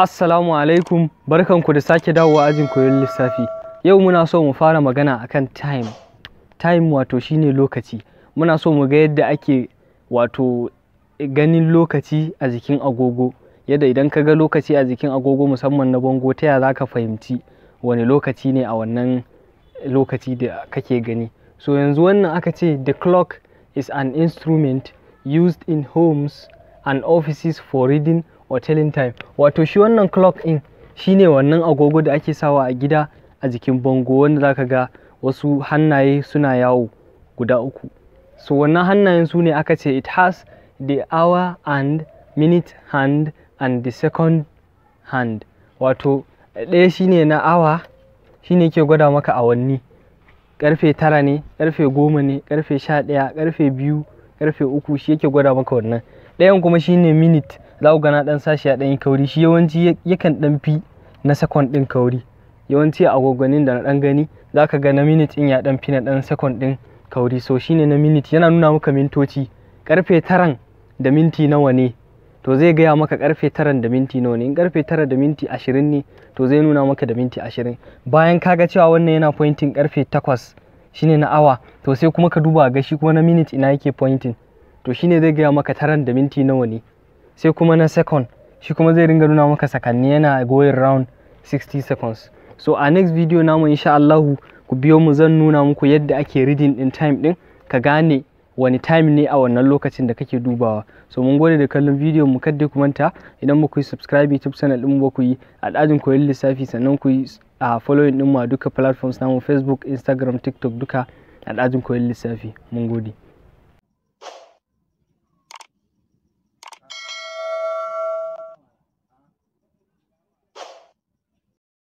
Assalamu alaikum barkanku da sake dawo a ajin koyon lissafi. Yau muna so mu fara magana akan time. Time wato shine lokaci. Muna so mu ga yadda ake wato ganin lokaci a jikin agogo. Yadda idan ka ga lokaci a jikin agogo musamman na bango ta ya za fahimci wani lokaci ne a wannan lokaci da kake gani. So yanzu wannan aka ce the clock is an instrument used in homes and offices for reading telling time wato shi wannan clock in shine wannan agogo da ake sawa a gida a jikin bango wanda zaka ga wasu hannaye suna yawo guda uku so wannan hannayen su ne aka ce it has the hour and minute hand and the second hand wato ɗaya shine na awa shine ke gwada maka awanni karfe tara ne karfe goma ne karfe sha ɗaya karfe biyu karfe uku shi yake gwada maka wannan ɗayan kuma shine minit. za ku gana ɗan sashi ya ɗan yi kauri shi yawanci yakan ɗan fi na second ɗin kauri yawanci a agwagwanin da na dan gani zaka ga na minit ɗin ya ɗan fi na ɗan sakon ɗin kauri so shine na minute yana nuna maka mintoci karfe taran da minti nawa ne to zai gaya maka karfe taran da minti nawa ne in karfe tara da minti ashirin ne to zai nuna maka da minti ashirin bayan ka ga cewa wannan yana pointing karfe takwas shine na awa to sai kuma ka duba ga shi kuma na minit ina yake pointing to shine zai gaya maka taran da minti nawa ne sai kuma na second shi kuma zai ringa nuna maka sakanni yana going round 60 seconds so a next video namu insha Allahu ku biyo mu zan nuna muku yadda ake reading din time din ka gane wani time ne a wannan lokacin da kake dubawa so mun gode da kallon video mu kadda ku manta idan muku yi subscribe youtube channel din ku yi al'adun koyon lissafi sannan ku yi a following din mu a duka platforms namu facebook instagram tiktok duka al'adun koyon lissafi mun gode